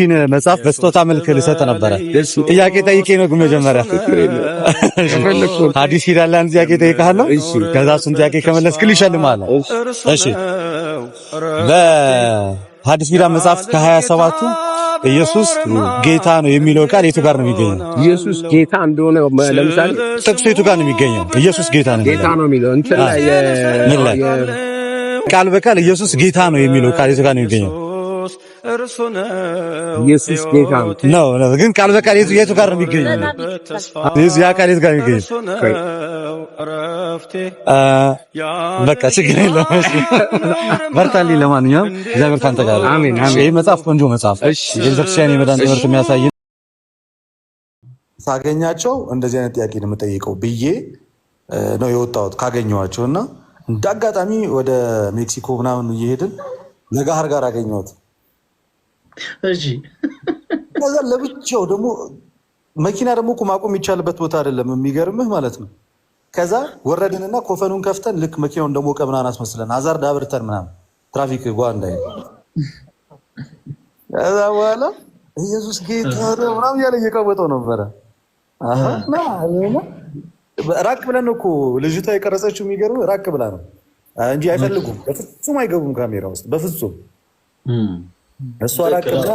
እቺን መጽሐፍ በስጦታ መልክ ልሰጥ ነበረ። ጥያቄ ጠይቄ ነው ግን መጀመሪያ ሐዲስ ሂዳለ አንድ ጥያቄ ጠይቄሃለሁ። ከዛ እሱን ጥያቄ ከመለስክልኝ እሸልምሃለሁ። እሺ በሐዲስ ኪዳን መጽሐፍ ከሀያ ሰባቱ ኢየሱስ ጌታ ነው የሚለው ቃል የቱ ጋር ነው የሚገኘው? ኢየሱስ ጌታ እንደሆነ ለምሳሌ ጥቅሱ የቱ ጋር ነው የሚገኘው? ኢየሱስ ጌታ ነው ጌታ ነው የሚለው እንትን ላይ ቃል በቃል ኢየሱስ ጌታ ነው የሚለው ቃል የቱ ጋር ነው የሚገኘው? እርሱ ኢየሱስ ጌታ ነው ነው። ግን ቃል በቃል የቱ ጋር ነው የሚገኝ? የዚህ አካል የቱ ጋር ነው የሚገኝ? በቃ ችግር የለም። በርታሊ። ለማንኛውም እግዚአብሔር ካንተ ጋር አሜን፣ አሜን። ይህ መጽሐፍ ቆንጆ መጽሐፍ የቤተክርስቲያን የመዳን ትምህርት የሚያሳይ ሳገኛቸው እንደዚህ አይነት ጥያቄ ነው የምጠይቀው ብዬ ነው የወጣሁት ካገኘኋቸው እና እንደ አጋጣሚ ወደ ሜክሲኮ ምናምን እየሄድን ለጋህር ጋር አገኘሁት እሺ ከዛ ለብቻው ደግሞ መኪና ደግሞ እኮ ማቆም የሚቻልበት ቦታ አይደለም። የሚገርምህ ማለት ነው። ከዛ ወረድንና ኮፈኑን ከፍተን ልክ መኪናውን ደግሞ ቀምናን አስመስለን አዛር ዳብርተን ምናምን ትራፊክ ጓ እንዳይ ከዛ በኋላ ኢየሱስ ጌታ ምናምን ያለ እየቀወጠው ነበረ። ራቅ ብለን እኮ ልጅቷ የቀረጸችው። የሚገርምህ ራቅ ብላ ነው እንጂ አይፈልጉም። በፍጹም አይገቡም ካሜራ ውስጥ በፍጹም እሱ አላቅና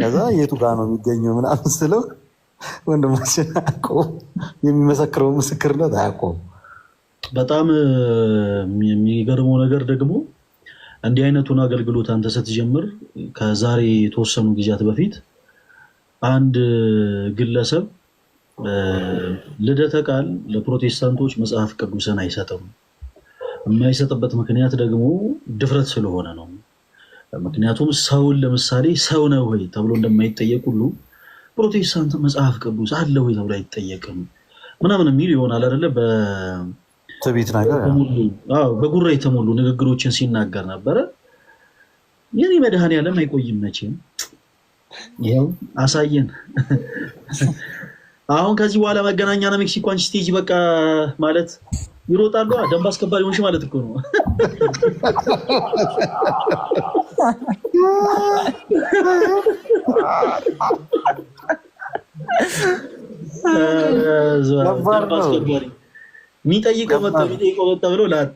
ከዛ የቱ ጋ ነው የሚገኘው ምናምን ስለው ወንድማችን አያውቀውም። የሚመሰክረውን ምስክርነት አያውቀውም። በጣም የሚገርመው ነገር ደግሞ እንዲህ አይነቱን አገልግሎት አንተ ስትጀምር ከዛሬ የተወሰኑ ጊዜያት በፊት አንድ ግለሰብ ልደተ ቃል ለፕሮቴስታንቶች መጽሐፍ ቅዱስን አይሰጥም የማይሰጥበት ምክንያት ደግሞ ድፍረት ስለሆነ ነው። ምክንያቱም ሰውን ለምሳሌ ሰው ነው ወይ ተብሎ እንደማይጠየቅ ሁሉ ፕሮቴስታንት መጽሐፍ ቅዱስ አለ ወይ ተብሎ አይጠየቅም ምናምን የሚል ይሆናል አይደለ? በጉራ የተሞሉ ንግግሮችን ሲናገር ነበረ። የኔ መድኃኔዓለም አይቆይም መቼም። ይኸው አሳየን። አሁን ከዚህ በኋላ መገናኛ ሜክሲኮን ስቴጅ በቃ ማለት ይሮጣሉ። ደንብ አስከባሪ ሆንሽ ማለት እኮ ነው። የሚጠይቀው መጣ የሚጠይቀው መጣ ብለው ላጥ።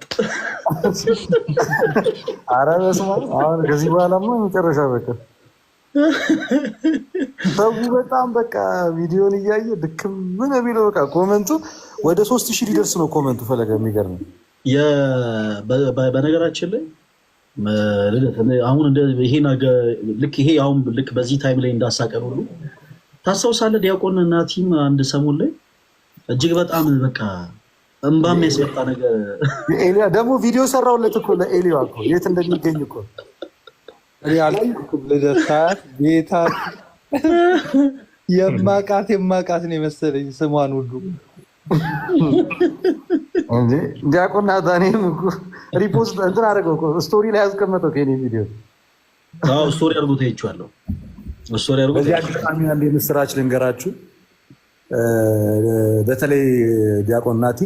ኧረ በስመ አብ! አሁን ከዚህ በኋላማ መጨረሻ በቃ ሰው በጣም በቃ ቪዲዮን እያየ ድክም ምን የሚለው በቃ ኮመንቱ ወደ ሶስት ሺህ ሊደርስ ነው ኮመንቱ። ፈለገ የሚገርም በነገራችን ላይ አሁን ይሄ ልክ ይሄ አሁን ልክ በዚህ ታይም ላይ እንዳሳቀር ሁሉ ታስታውሳለህ? ዲያቆን እና ቲም አንድ ሰሞን ላይ እጅግ በጣም በቃ እንባ የሚያስመጣ ነገር ኤልያ ደግሞ ቪዲዮ ሰራውለት እኮ ለኤልያ እኮ የት እንደሚገኝ እኮ ልደርሳት ጌታ የማቃት የማቃት ነው የመሰለኝ ስሟን ሁሉ እንዴ ዲያቆን ናታኔም ሪፖስት እንትን አደረገው ስቶሪ ላይ ያስቀመጠው ከኔ ቪዲዮ። ስቶሪ አድርጎት አይቼዋለሁ። ስቶሪ አድርጎት በዚህ አጋጣሚ አንድ የምስራች ልንገራችሁ። በተለይ ዲያቆን ናቲ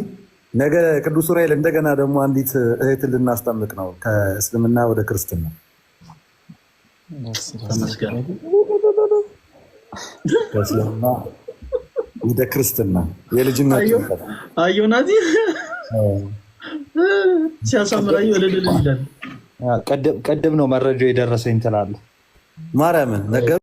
ነገ ቅዱስ ዑራኤል እንደገና ደግሞ አንዲት እህትን ልናስጠምቅ ነው ከእስልምና ወደ ክርስትና። ተመስገን ወደ ክርስትና የልጅነት አየሁናት ሲያሳምራኝ ወደ ይላል። ቀደም ነው መረጃው የደረሰኝ ትላለህ። ማርያምን ነገሩ